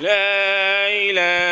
لا إله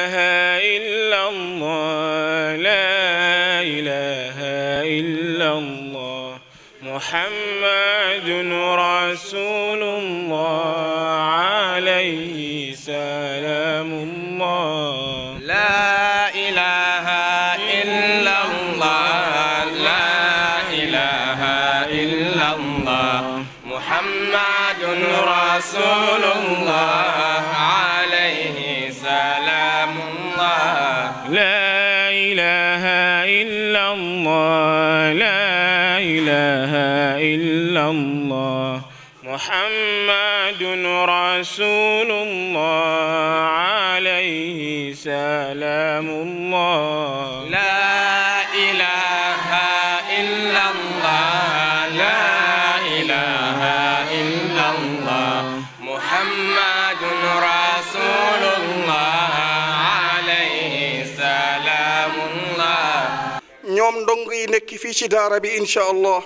ci daara bi incha allah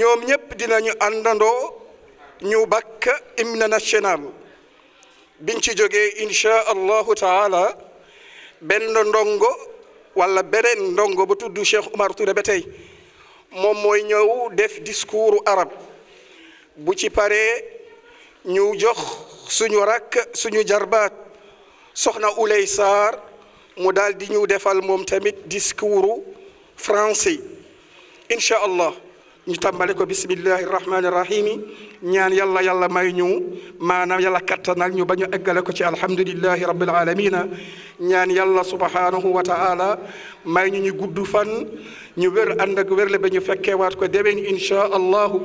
ñoom ñëpp dinañu àndandoo ñu bakk hymne national biñ ci jógee incha allahu taala benn ndongo walla beneen ndongo bu tudd Cheikh Oumar Touré ba tey moom mooy ñëw def discours arab bu ci paree ñu jox suñu rakk suñu jarbaat soxna Ulay Saar mu daldi di ñu defal moom tamit discours français. incha allah ñu tàmbale ko bismillahi rahmaani rahim ñaan yàlla yàlla may ñu maanaam yàlla kattanal ñu ba ñu eggale ko ci alhamdulillahi rabbil alamina ñaan yàlla subhanahu wa ta'ala may ñu ñu gudd fan ñu wér ànd ak wérle ba ñu fekkeewaat ko déwén incha allahu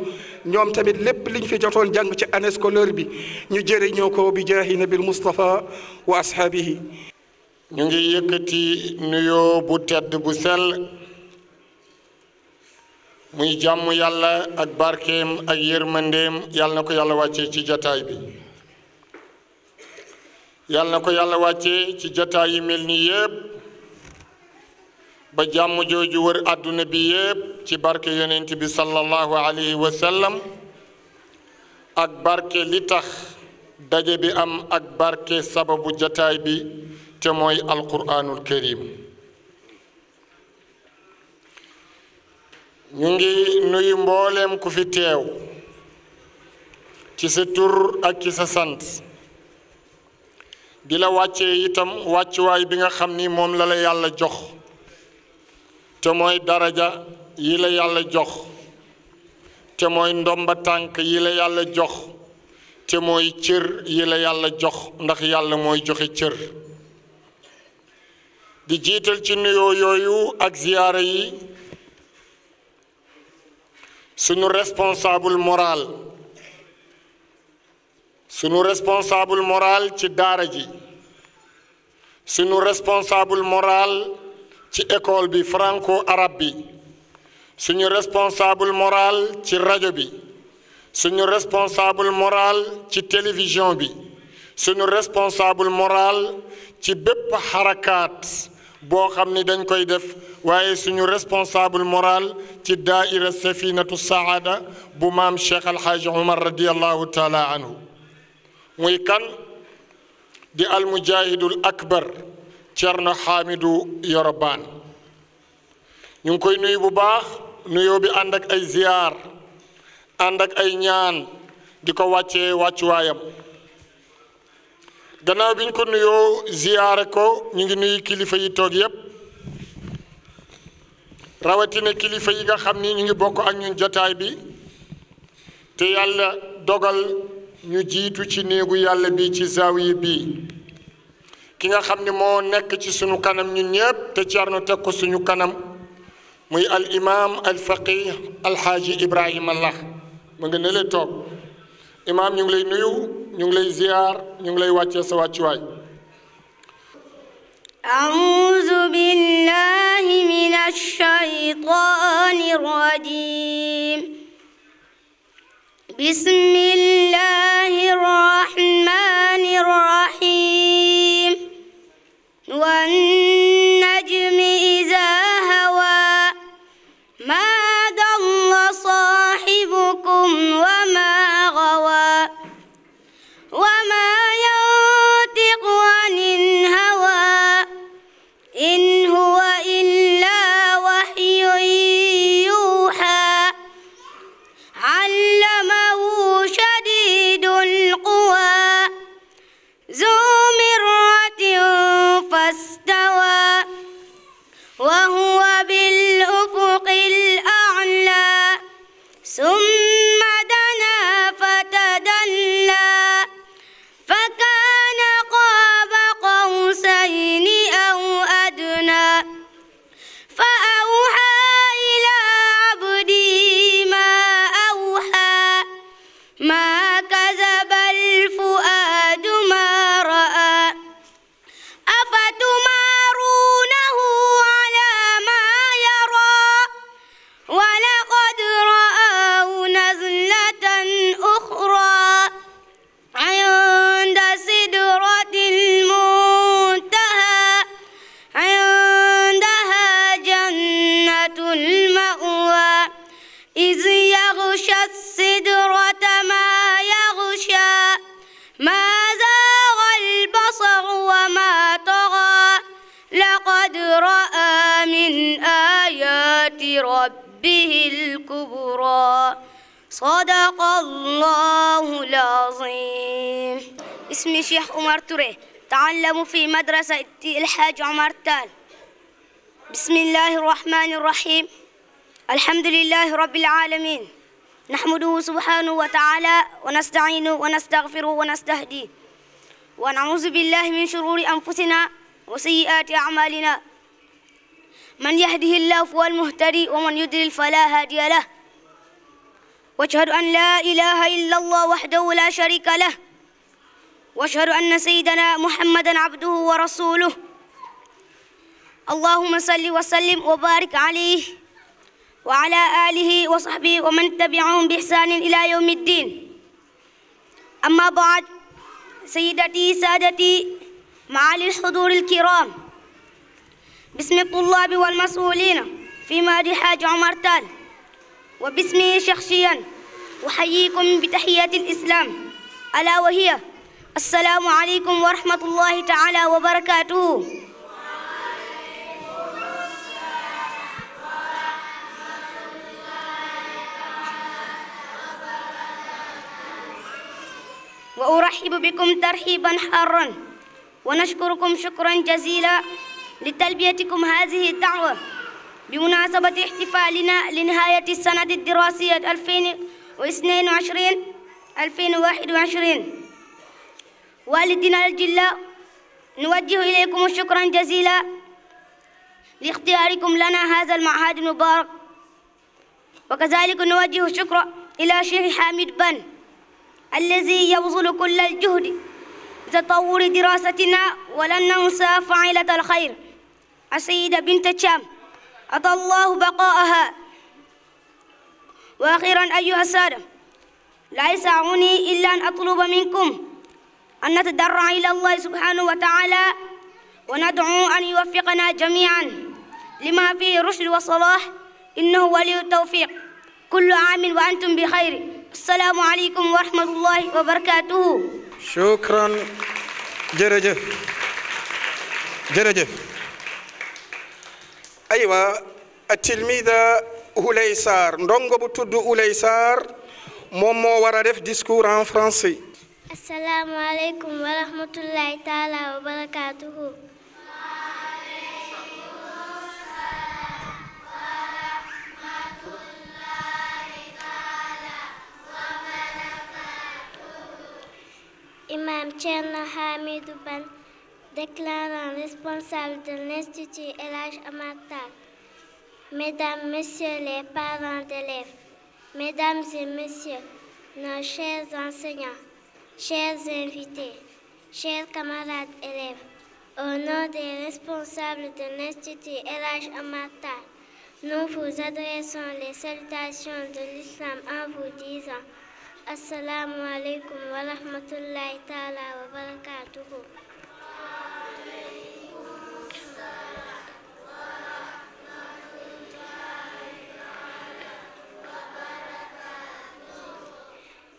ñoom tamit lépp liñ fi jotoon jàng ci année scolaire bi ñu jëriñoo ko bi jaahi nabil Mustafa wa ashaabihi ñu ngi yëkkati nuyoo bu tedd bu sell muy jàmm yàlla ak barkem ak yermandem yàlla nako yàlla wacce ci jotaay bi yàlla nako yàlla wacce ci jotaay yi melni yeb ba jàmm joju wër aduna bi yeb ci barke yonent bi sallallahu alayhi wa sallam ak barke li tax dajje bi am ak barke sababu jotaay bi te moy alquranul karim ñu ngi nuyu mbooleem ku fi teew ci sa tur ak ci sa sant di la wàccee itam wàccuwaay bi nga xam ni moom la la yàlla jox te mooy daraja yi la yàlla jox te mooy ndomba tànk yi la yàlla jox te mooy cër yi la yàlla jox ndax yàlla mooy joxe cër di jiital ci nuyoo yooyu ak ziyaara yi suñu responsable moral suñu responsable moral ci daara ji suñu responsable moral ci école bi franco arabe bi suñu responsable moral ci radio bi suñu responsable moral ci télévision bi suñu responsable moral ci bépp harakats. boo xam ni dañ koy def waaye suñu responsable moral ci daaira safinatu saada bu maam cheikh alxaaji omar radiallahu taala anhu muy kan di almujahidul akbar cerno xaamidu yorobaan ñu ngi koy nuyu bu baax nuyoo bi ànd ak ay ziyaar ànd ak ay ñaan di ko wàccee wàccuwaayam gannaaw bi ñu ko nuyoo ziyaare ko ñu ngi nuyu kilifa yi toog yëpp rawatina kilifa yi nga xam ni ñu ngi bokk ak ñun jotaay bi te yàlla dogal ñu jiitu ci néegu yàlla bi ci zawiye bii ki nga xam ni moo nekk ci sunu kanam ñun ñëpp te carnu teg ko suñu kanam muy al imam al faqih al haji ibrahima allah ma nga nële toog imam ñu ngi lay nuyu ñu ngi lay ziar ñu ngi lay wàccee sa wàccuwaay أعوذ بالله من الشيطان الرجيم بسم الله الرحمن الرحيم والنجم ربه الكبرى صدق الله العظيم اسمي شيخ عمر توري تعلم في مدرسة الحاج عمر تال بسم الله الرحمن الرحيم الحمد لله رب العالمين نحمده سبحانه وتعالى ونستعينه ونستغفره ونستهديه ونعوذ بالله من شرور أنفسنا وسيئات أعمالنا من يهده الله فهو المهتدي ومن يضلل فلا هادي له واشهد أن لا إله إلا الله وحده لا شريك له واشهد أن سيدنا محمدا عبده ورسوله اللهم صل وسلم وبارك عليه وعلى آله وصحبه ومن تبعهم بإحسان إلى يوم الدين أما بعد سيدتي سادتي معالي الحضور الكرام باسم الطلاب والمسؤولين في مادي حاج عمر تال وباسمه شخصيا أحييكم بتحية الإسلام ألا وهي السلام عليكم ورحمة الله تعالى وبركاته وأرحب بكم ترحيبا حارا ونشكركم شكرا جزيلا لتلبيتكم هذه الدعوة بمناسبة احتفالنا لنهاية السنة الدراسية 2022 2021 والدنا الجلاء نوجه إليكم شكرا جزيلا لاختياركم لنا هذا المعهد المبارك وكذلك نوجه شكرا إلى شيخ حامد بن الذي يبذل كل الجهد لتطور دراستنا ولن ننسى فاعلة الخير السيدة بنت الشام أطى الله بقاءها وأخيرا أيها السادة لا يسعني إلا أن أطلب منكم أن نتدرع إلى الله سبحانه وتعالى وندعو أن يوفقنا جميعا لما فيه رشد وصلاح إنه ولي التوفيق كل عام وأنتم بخير السلام عليكم ورحمة الله وبركاته شكرا جرجف جرجف aywa tilmida Houleye Sarr ndongo bu tudd Houleye Sarr moom moo war a def discours en français. asalaamaaleykum wa rahmatullahi taala wa barakatuhu. Imam Thierno Hamidou déclarant responsable de l'Institut LH Amata. Mesdames, Messieurs les parents d'élèves, Mesdames et Messieurs, nos chers enseignants, chers invités, chers camarades élèves, au nom des responsables de l'Institut LH Amata, nous vous adressons les salutations de l'islam en vous disant Assalamu alaikum wa rahmatullahi ta'ala wa barakatuhu.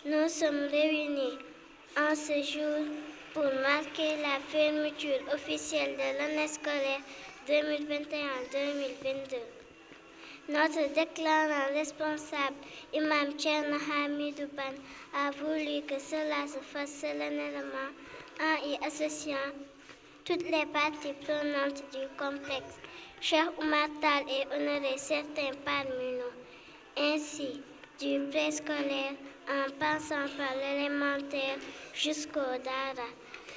Nous sommes réunis en ce jour pour marquer la fermeture officielle de l'année scolaire 2021-2022. Notre déclarant responsable, Imam Tcherna Hamidouban, a voulu que cela se fasse solennellement en y associant toutes les parties prenantes du complexe. Cher Oumatal et honoré certains parmi nous. Ainsi, du préscolaire en passant par l'élémentaire jusqu'au Dara,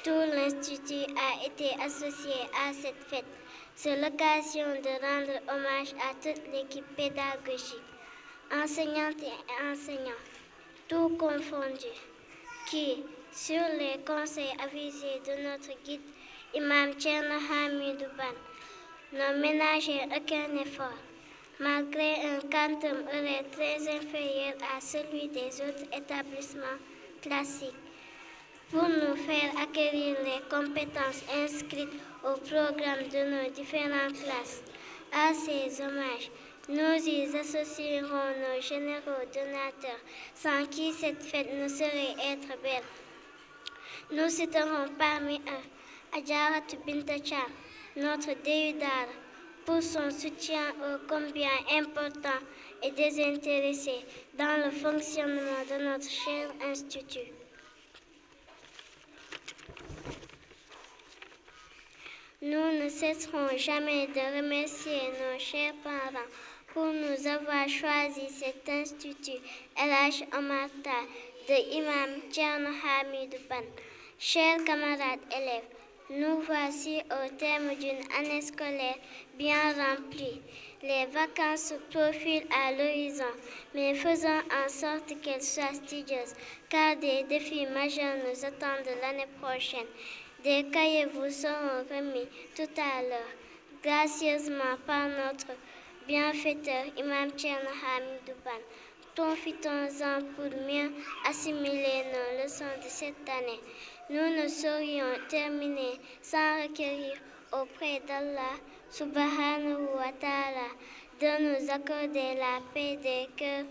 tout l'Institut a été associé à cette fête. C'est l'occasion de rendre hommage à toute l'équipe pédagogique, enseignantes et enseignants, tout confondu, qui, sur les conseils avisés de notre guide, Imam Tcherno Hamidouban n'ont ménagé aucun effort. Malgré un quantum horaire très inférieur à celui des autres établissements classiques, pour nous faire acquérir les compétences inscrites au programme de nos différentes classes. À ces hommages, nous y associerons nos généraux donateurs, sans qui cette fête ne serait être belle. Nous citerons parmi eux Ajarat Bintacha, notre Déudal, pour son soutien ô combien important et désintéressé dans le fonctionnement de notre cher institut. Nous ne cesserons jamais de remercier nos chers parents pour nous avoir choisi cet institut LH Omata de Imam Tcherno Hamid Chers camarades élèves, nous voici au thème d'une année scolaire bien remplie. Les vacances se profilent à l'horizon, mais faisons en sorte qu'elles soient studieuses, car des défis majeurs nous attendent l'année prochaine. Des cahiers vous seront remis tout à l'heure, gracieusement par notre bienfaiteur Imam Tcherno Hamidouban. Profitons-en pour mieux assimiler nos leçons de cette année nous ne serions terminés sans requérir auprès d'Allah subhanahu wa ta'ala de nous accorder la paix des cœurs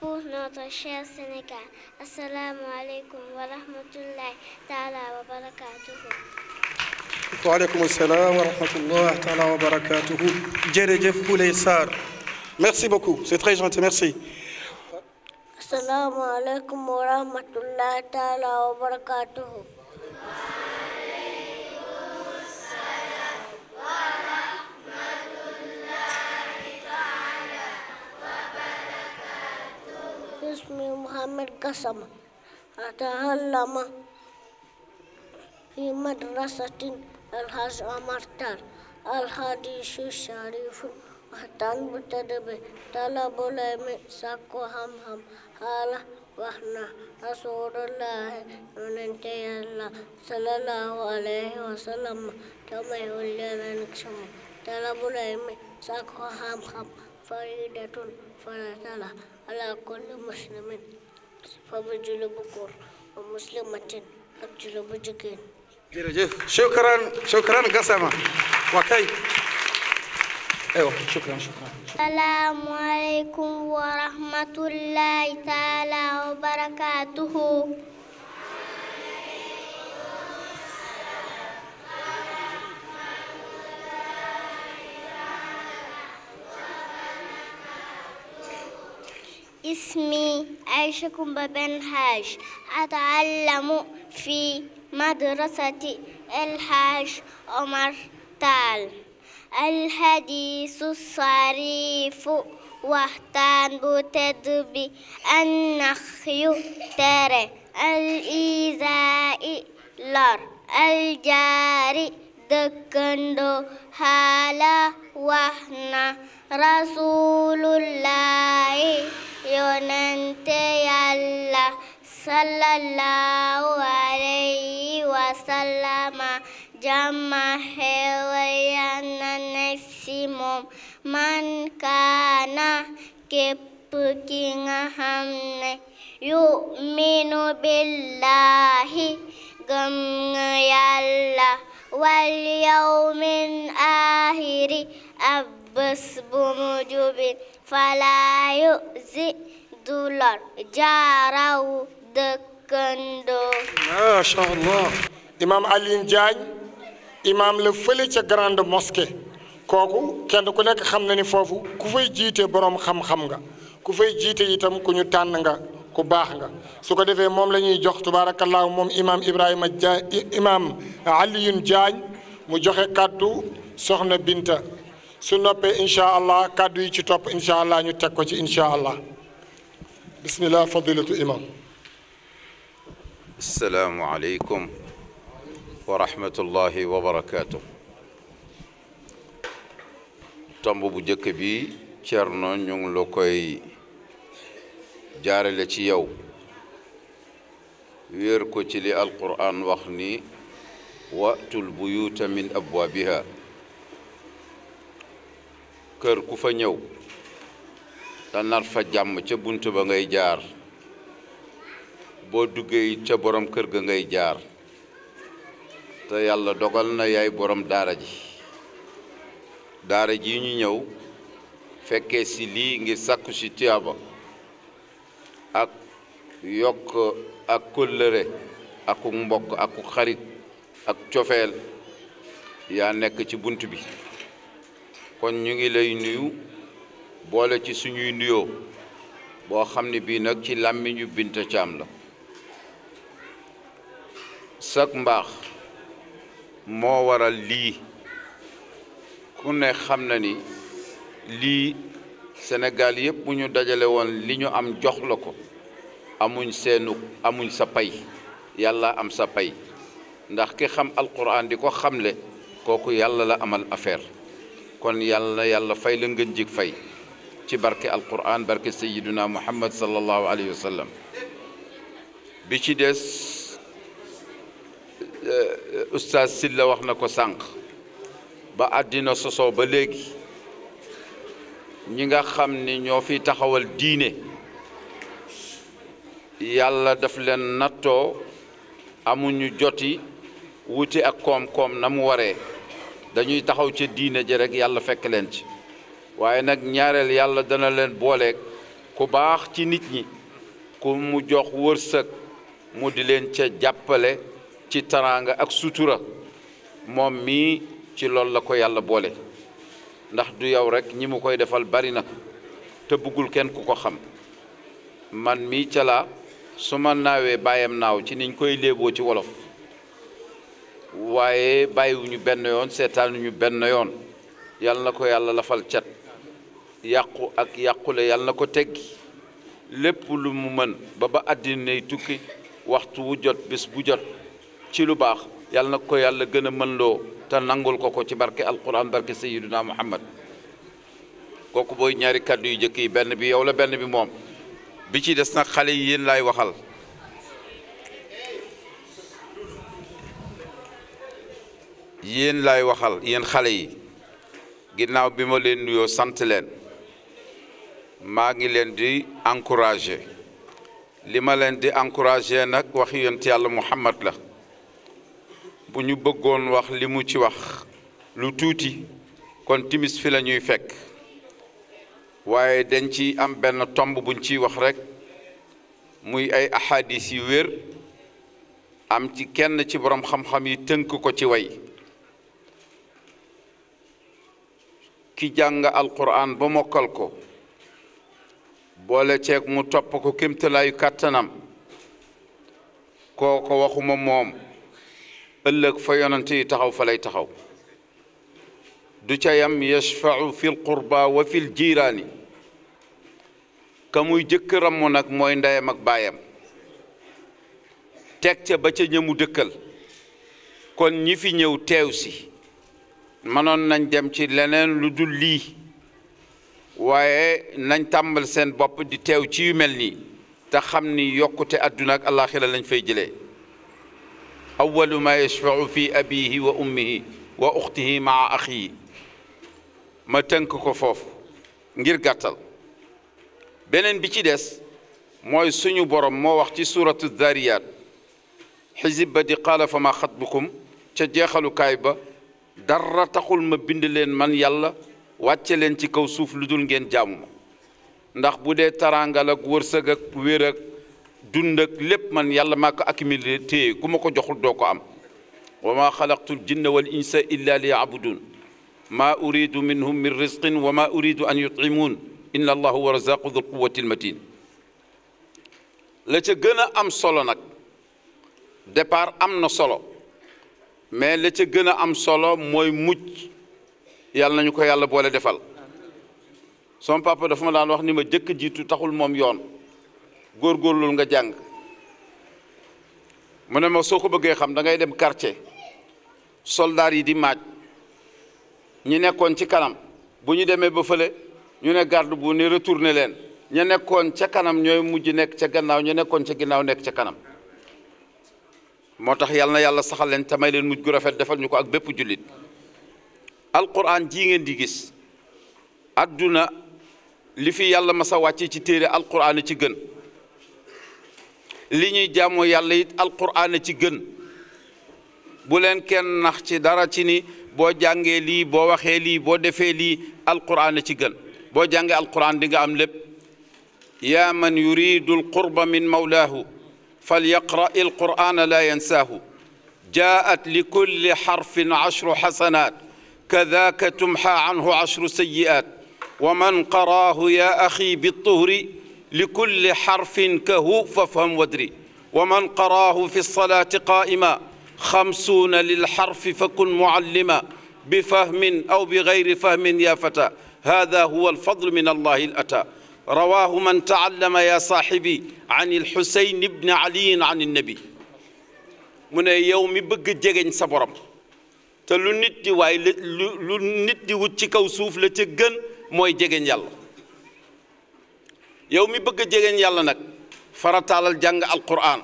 pour notre cher Sénégal. Assalamu alaikum wa rahmatullahi ta'ala wa barakatuhu. Wa alaikum assalam wa rahmatullahi ta'ala wa barakatuhu. Djerejef Merci beaucoup, c'est très gentil, merci. असलकम वरहमतुल्ला ताला वबरकू इसमें मोहम्मद कसम अतहल्लमा في مدرسة الحاج أمرتار الحديث الشريف وحتى المتدب طلب العلم ساكو هم هم قال وحنا رسول الله وننتي الله صلى الله عليه وسلم تمي ولينا نكسم طلب العلم ساقه خام خام فريدة فرسالة على كل مسلم فبجل بكور ومسلمة أبجل بجكين شكرا شكرا قسما وكيف ايوه شكرا شكرا السلام عليكم ورحمة الله تعالى وبركاته اسمي عائشة بن هاش أتعلم في مدرسة الحاج عمر تال الحديث الصريف وحتان بتدبي النخي ترى الإيزاء لار الجاري دكندو هالا وحنا رسول الله يوننت يالله صلى الله عليه وسلم Jama helaya nanesimom man kana kepkinga hamne yuk minu billahi gam ngayalla wal yaumin ahiri abbas bumujubin fala yu'zi dular jarau dekendo Masya Allah Imam Alin Jain imam le fële ci grande mosquée koku kenn ku nek xam na ni fofu ku fay jité borom xam-xam nga ku fay jité itam ku ñu tan nga ku bax nga su ko defé mom lañuy jox tabarakallah mom imam Ibrahima imam ali Alioune mu joxe kàddu soxna Binta su noppé inshallah kàddu yi ci top inshallah ñu tek ko ci incha bismillah fadilatu السلام عليكم ورحمة الله وبركاته tomb bu njëkk bi Cerno ñu ngi la koy jaarale ci yow wéer ko ci li alquran wax ni watul buyuta min abwaabiha kër ku fa ñëw te nar fa jàmm ca bunt ba ngay jaar boo duggee ca borom kër ga ngay jaar te yàlla dogal na yaay borom daara ji daara ji ñu ñëw fekkee ci lii ngir sàkku si tiyaaba ak yokk ak kóllëre aku mbokk aku xarit ak cofeel yaa nekk ci bunt bi kon ñu ngi lay nuyu boole ci suñuy nuyoo boo xam ne bii nag ci làmmiñu Binta Caam la sak mbaax moo waral lii ku ne xam na ni lii Sénégal yëpp bu dajale woon li ñu am jox la ko amuñ seenu amuñ sa pay yàlla am sa pay ndax ki xam alquran di xamle kooku yàlla la amal affaire kon yàlla yàlla fay la ngeen jig fay ci barke alquran barke sayyiduna muhammad sallallahu alayhi wa bi ci des Euh, oustaz la wax na ko sànq ba àddina soso ba léegi ñi nga xam ni ñoo fi taxawal diine yàlla daf leen nattoo amuñu joti wuti ak koom-koom na mu waree dañuy taxaw ci diine ji rek yàlla fekk leen ci waaye nag ñaareel yàlla dana leen booleeg ku baax ci nit ñi ku mu jox wërsëg mu di leen ca jàppale ci taraanga ak sutura moom mii ci loolu la ko yàlla boole ndax du yow rekk ñi mu koy defal bari na te bëggul kenn ku ko xam man mii ca suma naawee bàyyam naaw ci niñ koy léeboo ci wolof waaye bàyyiwuñu benn yoon seetaanuñu benn yoon yàlla na ko yàlla lafal cat yàqu ak yàqule yàlla na ko teggi lépp lu mu mën ba ba àddina nay tukki waxtu wu jot bés bu jot ci lu baax yàlla na ko yàlla gën a mën loo te nangul ko ko ci barke alquran barke sayiduna muhammad kooku booy ñaari kàddu yu njëkk yi benn bi yow la benn bi moom bi ci des nag xale yi yéen laay waxal yéen laay waxal yéen xale yi ginnaaw bi ma leen nuyoo sant leen maa ngi leen di encourage li ma leen di encourage nag wax waxi yonent yàlla muhammad la bu ñu bëggoon wax li mu ci wax lu tuuti kon timis fi la ñuy fekk waaye dañ ci am benn tomb buñ ciy wax rek muy ay ahadis yu wér am ci kenn ci borom xam-xam yi tënk ko ci way ki jàng alquran ba mokkal ko boole ceeg mu topp ko kémtalaayu kàttanam kooko waxuma moom ëllëg fa yonent yi taxaw fa lay taxaw du ca yam yashfau fil qurba wa fil jiiraani ka muy nag mooy ndeyam ak baayam teg ca ba ca ñëmu dëkkal kon ñi fi ñëw teew si mënoon nañ dem ci leneen lu dul lii waaye nañ tàmbal seen bopp di teew ci yu mel nii te xam ni yokkute àdduna ak lañ fay jëlee أول ما يشفع في أبيه وأمه وأخته مع أخيه ma tënk ko foofu ngir gàttal beneen bi ci des mooy suñu borom moo wax ci suuratu Zaariyaat xisib ba di qaala fa ma xatbukum ca jeexalukaay ba dara taxul ma bind leen man yàlla wàcce leen ci kaw suuf lu dul ngeen jaamu ma ndax bu dee taraanga la ak wërsëg ak wér ak dundak lépp man yàlla mako accumuler te téye ma ko joxul doo ko am wa maa jinna wal insa illa li yabudun uridu minhum min rizqin wa uridu an yut'imun inna allah huwa razaqu dul quwati matin la ca gëna am solo nak départ am solo mais la ca gëna am solo moy mucc yàlla nañu ko yàlla boole defal son papa dafa ma daan wax ni ma jëk jitu taxul mom yoon góor góorlul nga jàng mu ne ma soo ko bëggee xam da ngay dem quartier soldaar yi di maaj ñi nekkoon ci kanam bu ñu demee ba fële ñu ne garde bu ne retourné leen ña nekkoon ca kanam ñooy mujj nekk ca gannaaw ña nekkoon ca ginnaaw nekk ca kanam moo tax yal na yàlla saxal leen te may leen mujj gu rafet defal ñu ko ak bépp jullit alquran jii ngeen di gis adduna li fi yàlla ma masa wàcce ci téere alquran ci gën li ñuy jaamoo yàlla yi alquran ci gën bu len ken nax ci dara ci ni bo jangé li bo waxé li bo défé li alquran ci gën bo jangé alquran di nga am lépp yaa man yuridu alqurba min mawlaahu falyaqra alqurana laa yansaahu جاءت لكل حرف عشر حسنات كذاك تمحى عنه عشر سيئات ومن قراه يا أخي بالطهر لكل حرف كهو فافهم وادري ومن قراه في الصلاة قائما خمسون للحرف فكن معلما بفهم أو بغير فهم يا فتى هذا هو الفضل من الله الأتى رواه من تعلم يا صاحبي عن الحسين بن علي عن النبي من يوم بق جيجن صبرم تلو sa واي لو lu nit كوسوف waaye lu nit di yow mi bëgg jegeñ yàlla nag farataalal jàng alquran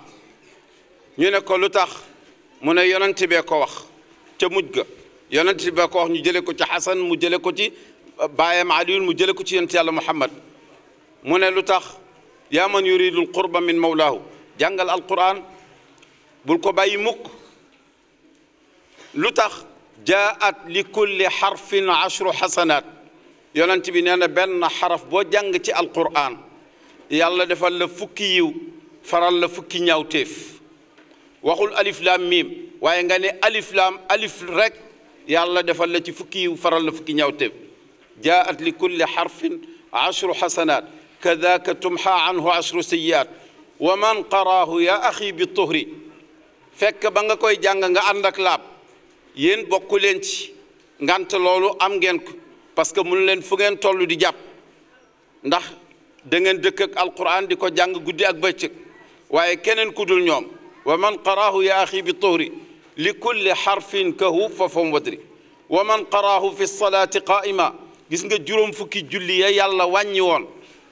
ñu ne ko lu tax mu ne yonent bee ko wax ca mujj ga yonent bee ko wax ñu jële ko ci xasan mu jële ko ci baayam aliyun mu jële ko ci yonent yàlla muhammad mu ne lu tax yaa man yuridu qurba min mawlaahu jàngal alquran bul ko bàyyi mukk lu tax jaat li kulli xarfin ashru xasanaat yonent bi nee na benn xaraf boo jàng ci alquran yàlla defal la fukki yiw faral la fukki ñaawteef waxul alif laam miim waaye nga ne alif laam alif rek yàlla defal la ci fukki yiw faral la fukki ñaawteef jaat li kulli xarfin ashru xasanaat kadaka tumxa anhu ashru siyaat wa man qaraahu yaa axi bi tuhri fekk ba nga koy jàng nga ànd ak laab yéen bokku leen ci ngant loolu am ngeen ko parce que mun leen fu ngeen toll di jàpp ndax da ngeen dëkk ak alquran di ko jàng guddi ak bëccëg waaye keneen ku dul ñoom wa man qaraahu ya axi bi tuhri li kulli xarfin kahu fa fam wadri wa man qaraahu fi salaati qaa'ima gis nga juróom fukki julli ya yàlla wàññi woon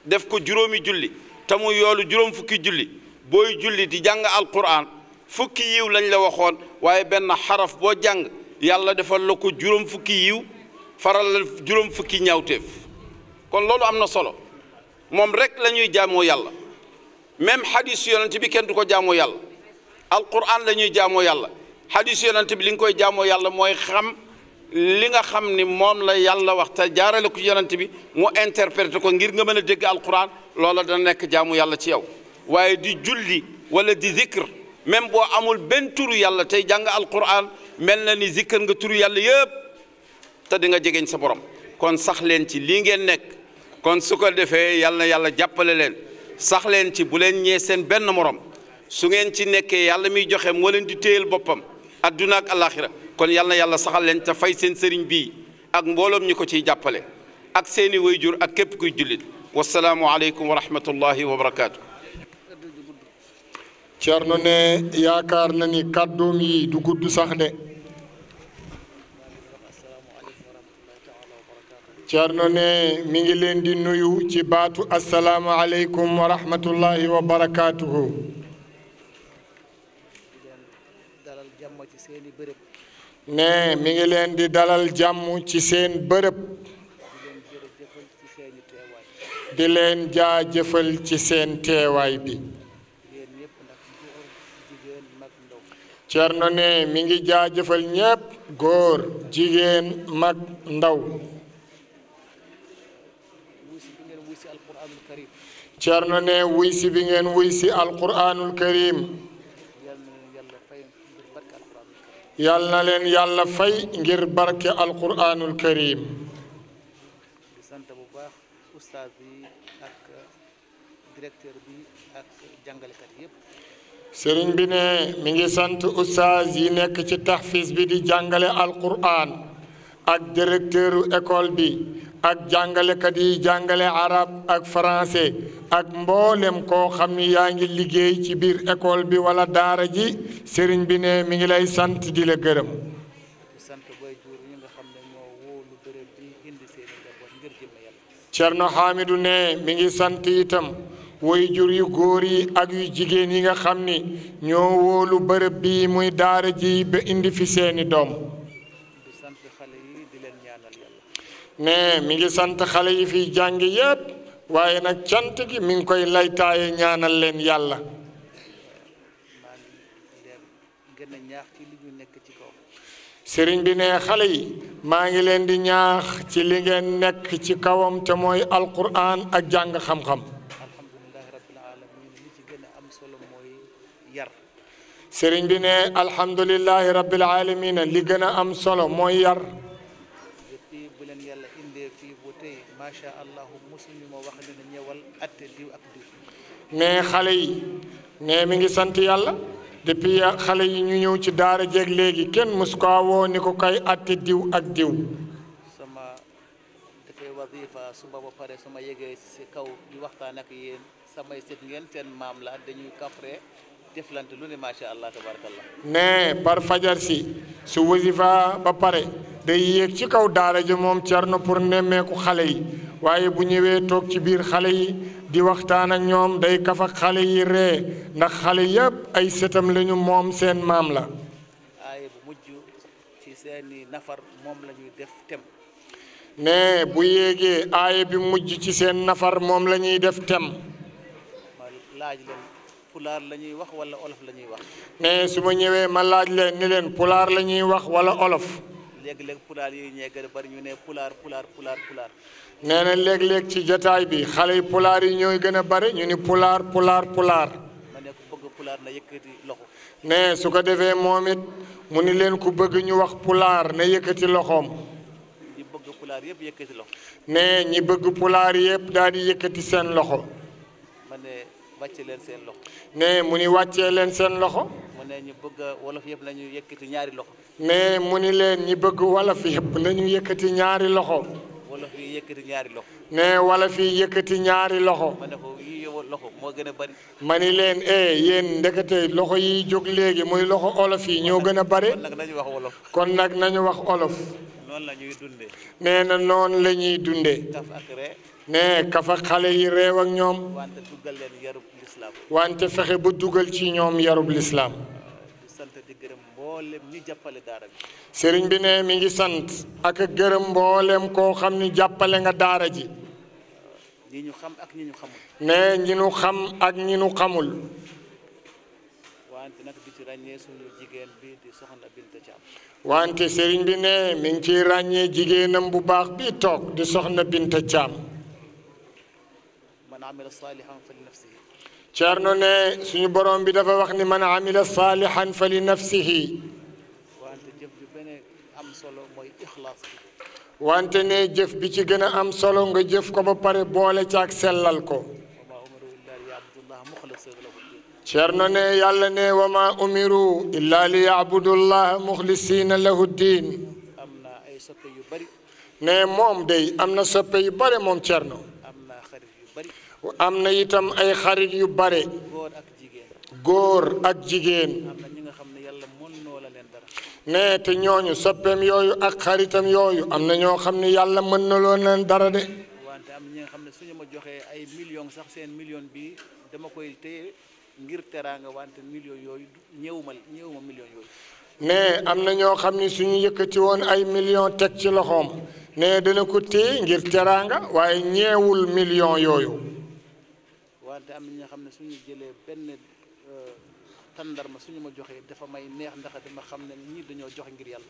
def ko juróomi julli te mu yoolu juróom fukki julli booy julli di jàng alquran fukki yiw lañ la waxoon waaye benn xaraf boo jàng yàlla defal la ko juróom fukki yiw faral la juróom fukki ñaawteef kon loolu am na solo moom rek la ñuy jaamoo yàlla même xadisu yonent bi kenn du ko jaamoo yàlla alquran la ñuy jaamoo yàlla xadisu yonent bi li nga koy jaamoo yàlla mooy xam li nga xam ni moom la yàlla wax ta jaarale ko yonent bi mu interprété ko ngir nga mën a dégg alquran loola da nekk jaamu yàlla ci yow waaye di julli wala di zikr même boo amul benn turu yàlla tey jàng alquran mel na ni zikr nga turu yàlla yëpp te di nga jegeñ sa borom kon sax ci lii ngeen nekk kon su ko defee yal yàlla jàppale len sax len ci bu len ñé sen ben morom su ngeen ci nekké yàlla mi joxe mo len di téyel bopam aduna ak alakhirah kon yal yàlla saxal len ta fay sen sëriñ bi ak mbolom ñi ci jàppale ak seeni wayjur ak kep kuy jullit wasalaamu alaykum wa rahmatullahi wa barakatuh ciarno ne yaakar na ni kaddum yi du gudd sax de. Cerno ne mi ngi leen di nuyu ci baatu asalaamu aleykum wa rahmatullahi wa ne mi ngi leen di dalal jàmm ci seen bërëb. di leen jaa jëfal ci seen teewaay bi. Cerno ne mi ngi jaajëfal ñépp góor jigéen mag ndaw. Cerno ne wuy si bi ngeen wuy alquranul karim yal na yàlla fay ngir barke alquranul karim di sant bu baax ustaas bi ak directeur bi ak jàngalekat yépp sëriñ bi ne mi ngi sant ustaas yi nekk ci taxfiis bi di jàngale alquran ak directeuru école bi ak jàngalekat yi jàngale arab ak français ak mboolem koo xam ni yaa ngi liggéey ci biir école bi wala daara ji sëriñ bi ne mi ngi lay sant di la gërëm Cerno Hamidou ne mi ngi sant itam way jur yu góor yi ak yu jigéen yi nga xam ni ñoo wóolu bërëb bi muy daara ji ba indi fi seeni doom mais mi ngi sant xale yi fiy jàng yépp waaye nag cant gi mi ngi koy laytaaye ñaanal leen yàlla sëriñ bi ne xale yi maa ngi leen di ñaax ci li ngeen nekk ci kawam te mooy alquran ak jàng xam-xam sëriñ bi ne alhamdulilahi rabbil alamina li gën a am solo mooy yar macha allah mosuñu ma wax ne ñëwal atte diw ak diw. mais xale yi ne mi ngi sant yàlla depuis xale yi ñu ñëw ci daara jeeg léegi kenn mosu ko ni ko kay atte diw ak diw. sama dafay wasifa suba ba pare sama ma yegee si kaw di waxtaan ak yéen samay sët ngeen seen maam la dañuy kafre jëflante lu ne macha allah par fajar si su wasifa ba pare day yéeg ci kaw daara ji moom cerno pour nemmeeku xale yi waaye bu ñëwee toog ci biir xale yi di waxtaan ak ñoom day kaf xale yi ree ndax xale yépp ay sëtam lañu moom seen maam la aaye bu mujj ci moom lañuy def tem ne bu yéegee aaye bi mujj ci seen nafar moom lañuy def tem laaj leen pulaar la ñuy wax wala olof la ñuy wax. mais su ma ñëwee ma laaj leen leen pulaar la ñuy wax wala olof. léeg-léeg pulaar yooyu ñee ñu ne pulaar pulaar pulaar pulaar. nee na léeg-léeg ci jataay bi xale yi pulaar yi ñooy gën a bari ñu ni pulaar pulaar pulaar. ma ne ku bëgg pulaar na yëkkati loxo. mais su ko defee moom it mu ni leen ku bëgg ñu wax pulaar na yëkkati loxoom. ñi bëgg pulaar yëpp yëkkati loxo. mais bëgg pulaar yëpp daal di yëkkati seen loxo. wàcce leen seen loxo. ne mu ni wàccee leen seen loxo. mu ñu bëgg wolof yëpp nañu yëkkati ñaari loxo. ne mu ni leen ñi bëgg wolof yëpp nañu yëkkati ñaari loxo. wolof yëkkati ñaari loxo. ne wolof yi yëkkati ñaari loxo. ma ne ko moo gën a bari. ma ni leen eh yéen ndekete loxo yi jóg léegi muy loxo olof yi ñoo gën a bari. kon nag nañu wax wolof. kon nag nañu wax olof. noonu la ñuy dundee. nee na noonu la ñuy ne kafa xale yi réew ak ñoom. wante dugal leen yarub lislaam. fexe ba dugal ci ñoom yarub lislaam. sant di gërëm mboolem ñi jàppale daara sëriñ bi ne mi ngi sant. ak gërëm mbooleem koo xam ni jàppale nga daara ji. ñi ñu xam ak ñi ñu xamul. ne xam ak ñi ñu xamul. wante nag di ci ràññee jigéen bi di soxna Binta Thiam. wante sëriñ bi ne mi ngi ciy ràññee jigéenam bu baax bi toog di soxna bint Thiam. عمل صالحا فلنفسه Thierno ne suñu borom bi dafa wax ni man amila saalihan fa li nafsihi wante jëf bi gën a am solo mooy ixlaas wante ne jëf bi ci gën a am solo nga jëf ko ba pare boole ci ak sellal ko Thierno ne yàlla ne wa ma umiru illa li yaabudullaha muxlisina lahu diin am na ay soppe yu bari ne moom day am na soppe yu bari moom Thierno am na itam ay xarit yu bare góor ak jigéen nee te ñooñu soppeem yooyu ak xaritam yooyu am na ñoo xam ne yàlla mën na loo leen dara de ñi nga xam ne suñu ma joxee ay million sax seen million bi dama koy téye ngir teraanga wante million yooyu ñëwuma ñëwuma million yooyu nee am na ñoo xam ne suñu yëkkati woon ay million teg ci loxoom nee dana ko téye ngir teraanga waaye ñeewul million yooyu wante am na ñi nga xam ne su suñu jëlee benn euh, tàndarma suñu ma joxee dafa may neex ndax dama xam ne ñii dañoo joxe ngir yàlla.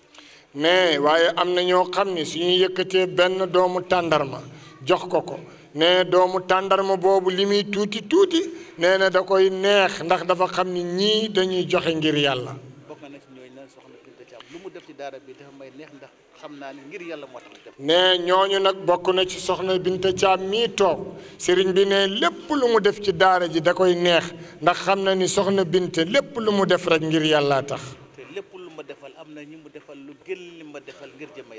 mais waaye am na ñoo xam ne suñuy yëkkatee benn doomu tàndarma jox ko ko ne doomu tàndarma boobu li muy tuuti tuuti nee na da koy neex ndax dafa xam ni ñii dañuy joxe ngir yàlla. lu mu def ci neex xam naa ne ñooñu nag bokk na ci soxna Binta Caam mii toog sëriñ bi ne lépp lu mu def ci daara ji da koy neex ndax xam na ni soxna bint lépp lu mu def rek ngir yàlla tax. te lépp lu defal am na ñu mu defal lu gën li ma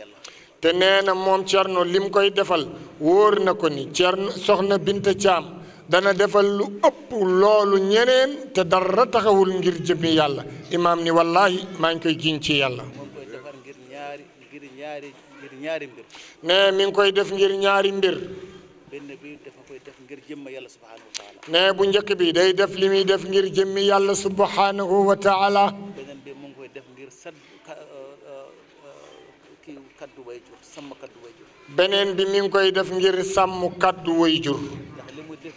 yàlla. te nee na moom Thierno lim koy defal wóor na ko ni Thierno soxna Binta Caam. dana defal lu upp loolu ñeneen te dara taxawul ngir jëmmi yàlla imam ni wallahi ma ngi koy jiñ ci yàlla ne mi ngi koy def ngir ñaari mbir ne bu ñëk bi day def limi def ngir jëmmi yàlla subhanahu wa taala benen bi mi ngi koy def ngir sam kàddu way jur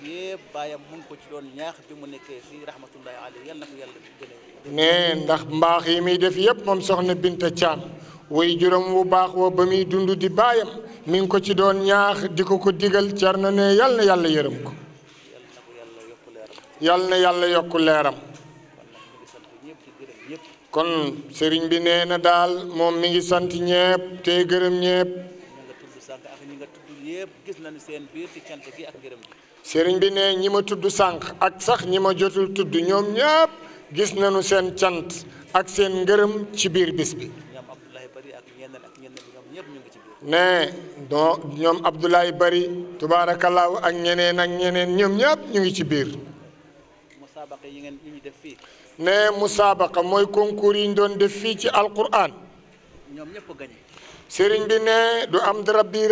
def yëpp ko ci doon ñaax mu nekkee fii rahmatullahi alayhi yal na ko yàlla ndax mbaax yi muy def yëpp moom soxna Binta Thiam way juróom wu baax wa ba muy dund di baayam mi ngi ko ci doon ñaax di ko ko digal car na ne yal na yàlla yërëm ko yal na yàlla yokk leeram kon sëriñ bi nee na daal moom mi ngi sant ñépp tey gërëm ñépp ñi nga tudd sànq ak ñi seen biir ci cant ak ngërëm Sering bine ne ñima tuddu sank ak sax ñima jotul tuddu ñom ñaap gis nañu sen tiant ak sen ngeureum ci bir ne do ñom abdoulaye bari tubarakallah ak ñeneen ak ñeneen ñom ñaap ñu ngi ci bir musabaqa yi ne musabaqa moy konkuri yi doon def fi ci alquran ñom ñepp gagné serigne bi du am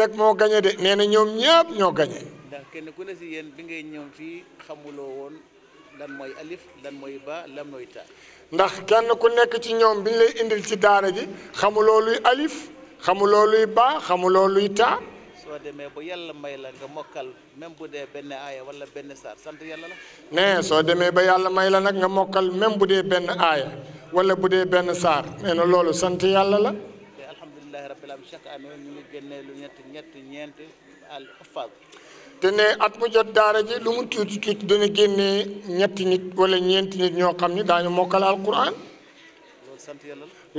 rek mo gagné de neena ñom ñaap ño gagné kenn ku ne si yéen bi ngay ñëw fii xamuloo woon lan mooy alif lan mooy ba lan mooy ta ndax kenn ku nekk ci ñoom bi ñu lay indil ci daara ji xamuloo luy alif xamuloo luy ba xamuloo luy ta soo demee ba yàlla may la nga mokkal même bu dee benn aaya wala benn saar sant yàlla la. nee soo demee ba yàlla may la nag nga mokkal même bu dee benn aaya wala bu dee benn saar nee na loolu sant yàlla la. te alhamdulilah rabbil alamin chaque année ñu ngi génnee lu ñett ñett ñeent al xuffaad te ne at mu jot daara ji lu mu tuuti tuuti dana génnee ñetti nit wala ñeenti nit ñoo xam ni daañu mokkal alquran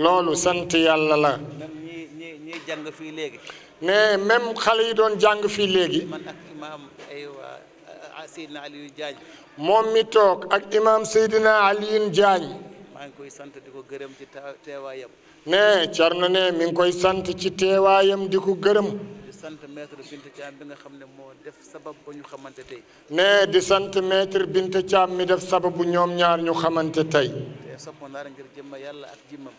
loolu sant yàlla la. ñuy jàng fii léegi. mais même xale yi doon jàng fii léegi. man ak imaam aywa Seydina Aliou Diagne. moom mi toog ak imaam Seydina Aliou Diagne. maa ngi koy sant di ko gërëm ci teewaayam. mais Thierno ngi koy sant ci teewaayam di ko gërëm. sant maître Binta Thiam bi nga xam ne moo def sabab ba ñu xamante tey. mais di sant maître Binta mi def bu ñoom ñaar ñu xamante te soppoon naa la ngir jëmma ak jimmam.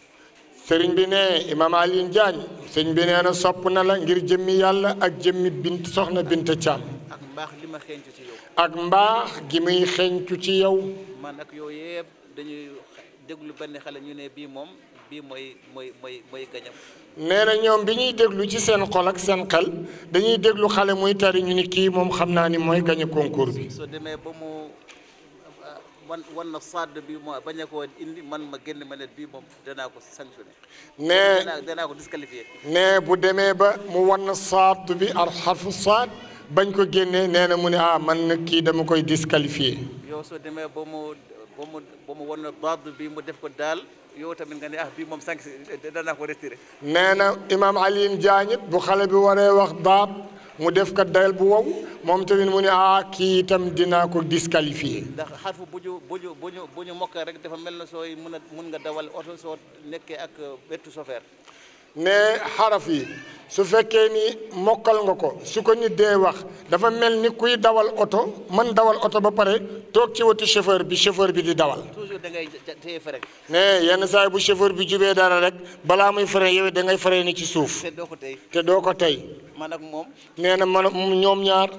sëriñ bi ne Imam Alioune Diagne sëriñ bi nee na sopp na la ngir jëmmi yàlla ak jëmmi bint soxna bint Thiam. ak mbaax li ma xeeñcu ci yow. ak mbaax gi muy ci yow. man ak yow yëpp dañuy déglu benn xale ñu ne bii moom bii mooy mooy mooy mooy gañam nee na ñoom bi déglu ci seen xol ak seen dañuy déglu xale muy tari ñu kii moom xam naa ni mooy gañe concours bi. demee ba mu wan wan na bi moo bañ a ko indi man ma génn ma ne bii moom danaa ko sanctionné. nee danaa ko disqualifié. nee bu demee ba mu wan na sàdd bi ar xarfu sàdd bañ ko génnee nee na mu ne ah man nag kii dama koy disqualifié. yow soo demee ba mu ba mu mu wan na baad bi mu def ko daal. yow tamit nga ne ah bii moom sànq danaa ko retiré. nee na imaam Alioune Diagne it bu xale bi waree wax baab mu def kat dayal bu wow moom tamit mu ne ah kii itam dinaa ko disqualifié. ndax xarfu bu ñu bu ñu bu ñu bu ñu mokkee rek dafa mel na sooy mun a mun nga dawal oto soo nekkee ak wetu chauffeur. ne xaraf yi su fekkee ni mokkal nga ko su ko nit dee wax dafa mel ni kuy dawal oto man dawal oto ba pare toog ci wetu chauffeur bi chauffeur bi di dawal. toujours ngay téye frein. mais yenn saa yi bu chauffeur bi jubee dara rek balaa muy frein yow da ngay frein ni ci suuf. te doo ko tey te doo ko tey. man ak moom. man ñoom ñaar.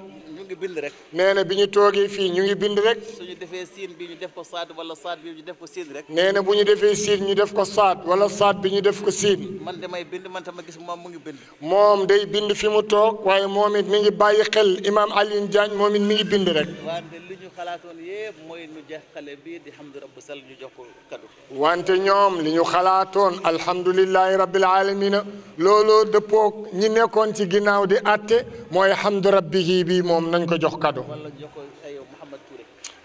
ngi bind rek. nee na bi ñu toogee fii ñu ngi bind rek. suñu defee siin bi ñu def ko saat wala saat bi ñu def ko siin rek. nee na bu ñu defee siin ñu def ko saat wala saat bi ñu def ko siin. man damay bind man tam ma gis moom mu ngi bind. moom day bind fi mu toog waaye moom it mi ngi bàyyi xel imaam Alioune Diagne moom it mi ngi bind rek. wante li ñu xalaatoon yëpp mooy ñu jox xale bi di hamdu rabbi sal ñu jox ko kado. wante ñoom li ñu xalaatoon alhamdulilahi rabbil alamina looloo dëppoog ñi nekkoon ci ginnaaw di àtte mooy hamdu rabbihi bi moom nañ ko jox cadeau.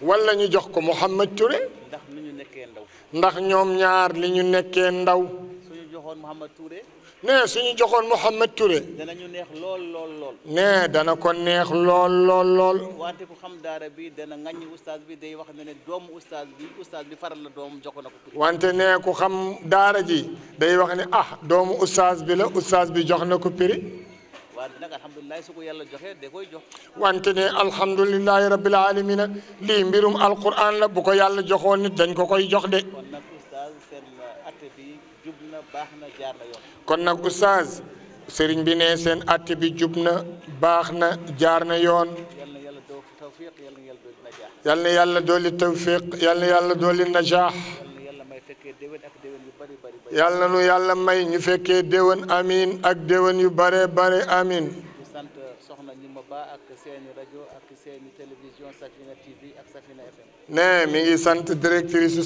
wala ñu jox ko Mouhamed Touré. ndax ni ñu nekkee ndaw. ndax ñoom ñaar li ñu nekkee ndaw. suñu joxoon Mouhamed Touré. nee suñu joxoon Mouhamed Touré. danañu neex lool lool lool. nee dana ko neex lool lool lool. wante ko xam daara bi dana ŋaññi ustaas bi day wax ne ne doomu ustaas bi ustaas bi faral ah, la jox na ko Touré. wante bi la na ko wante nag alhamdulilah su ko yàlla da koy jox. wante ne alhamdulilahi rabbil alamina lii mbirum alquran la bu ko yàlla joxoon nit dañ ko koy jox de. kon nag oustaz seen atte bi jub na baax na jaar na yoon. kon nag bi ne seen atte bi jub na baax na jaar na yoon. yal na yàlla dooli tawfiq yal na yàlla dooli najaax. yal yàlla na nu yàlla may ñu fekkee déwén amin ak déwén yu bare bare amin sant soxna ñu ma ba ak seeni rajo ak seeni télévision Safina TV ak Safina FM ne mi ngi sant directrice su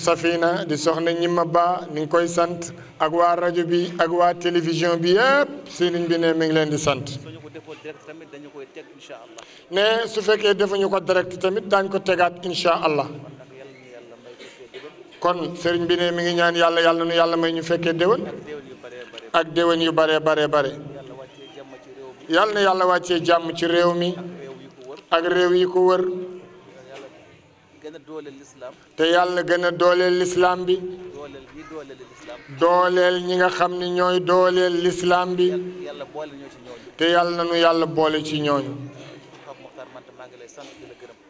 di soxna ñi ma ba ni ngi koy sant ak waa rajo bi ak waa télévision bi yëpp sëriñ bi ne mi ngi leen di sant ne su fekkee defuñu ko direct tamit daañ ko tegaat incha allah kon sëriñ bi ne mi ngi ñaan yàlla yàlla nu yàlla may ñu fekkee déwén ak déwén yu bare bare bare yàlla na yàlla wàcce jàmm ci réew mi ak réew yi ko wër te yàlla gën a dooleel lislaam bi dooleel ñi nga xam ni ñooy dooleel lislaam bi te yàlla na nu yàlla boole ci ñooñu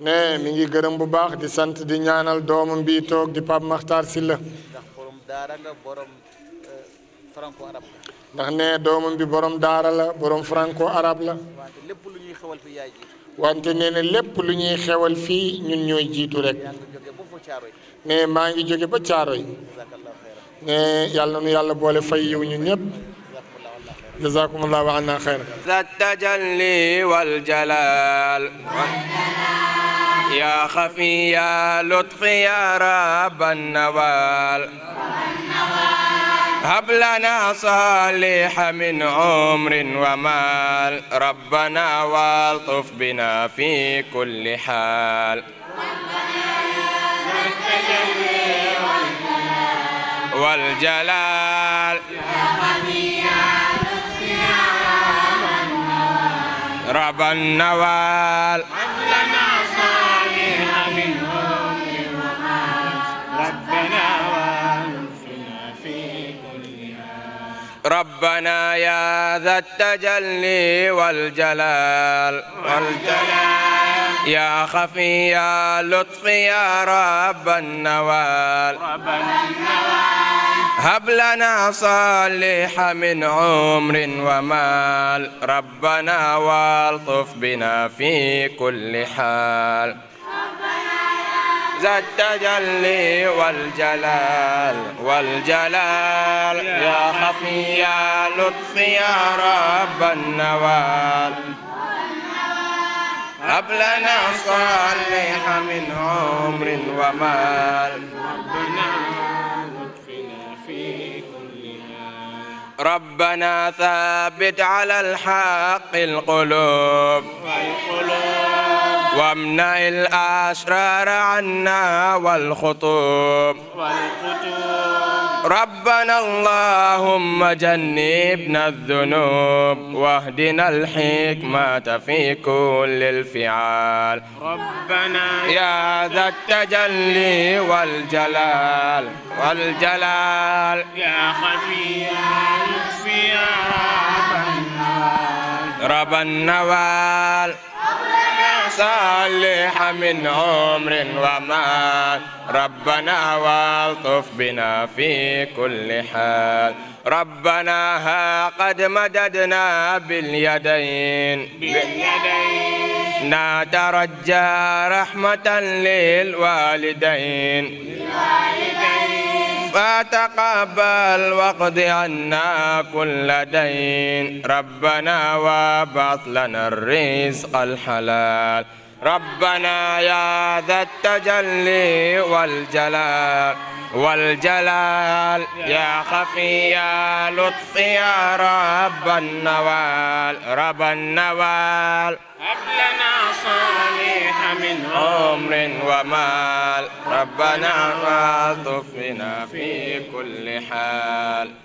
ne mi ngi gërëm bu baax di sant di ñaanal doomam bi toog di pap Makhtar Sylla ndax borom daara nga borom franco arabe la. ndax ne doomam bi borom daara la borom franco arab la. wante lépp lu nee na lépp lu ñuy xewal fii ñun ñooy jiitu rek. ne maa ngi jóge ba Caaroy. ne yàlla nu yàlla boole fay yiw ñun ñëpp. جزاكم الله عنا خيرا ذا التجلي والجلال والجلال يا خفي يا لطف يا رب النوال هب لنا صالح من عمر ومال ربنا والطف بنا في كل حال والجلال رب النوال رب النوال ربنا يا ذا التجلي والجلال والجلال يا خفي يا لطف يا رب النوال رب النوال هب لنا صالح من عمر ومال ربنا والطف بنا في كل حال ذا التجلي والجلال والجلال يا خفي يا لطف يا رب النوال قبلنا صالح من عمر ومال ربنا لطفنا في كل حال ربنا ثابت على الحق القلوب والقلوب وامنع الأسرار عنا والخطوب ربنا اللهم جنبنا الذنوب واهدنا الحكمة في كل الفعال ربنا يا ذا التجلي والجلال والجلال يا خفي يا رب النوال صالح من عمر ومال ربنا والطف بنا في كل حال ربنا ها قد مددنا باليدين باليدين نترجى رحمة للوالدين للوالدين فتقبل واقض عنا كل دين ربنا وابعث لنا الرزق الحلال ربنا يا ذا التجلي والجلال والجلال يا خفي يا لطف يا رب النوال رب النوال هب لنا صالح من عمر ومال ربنا واطف في كل حال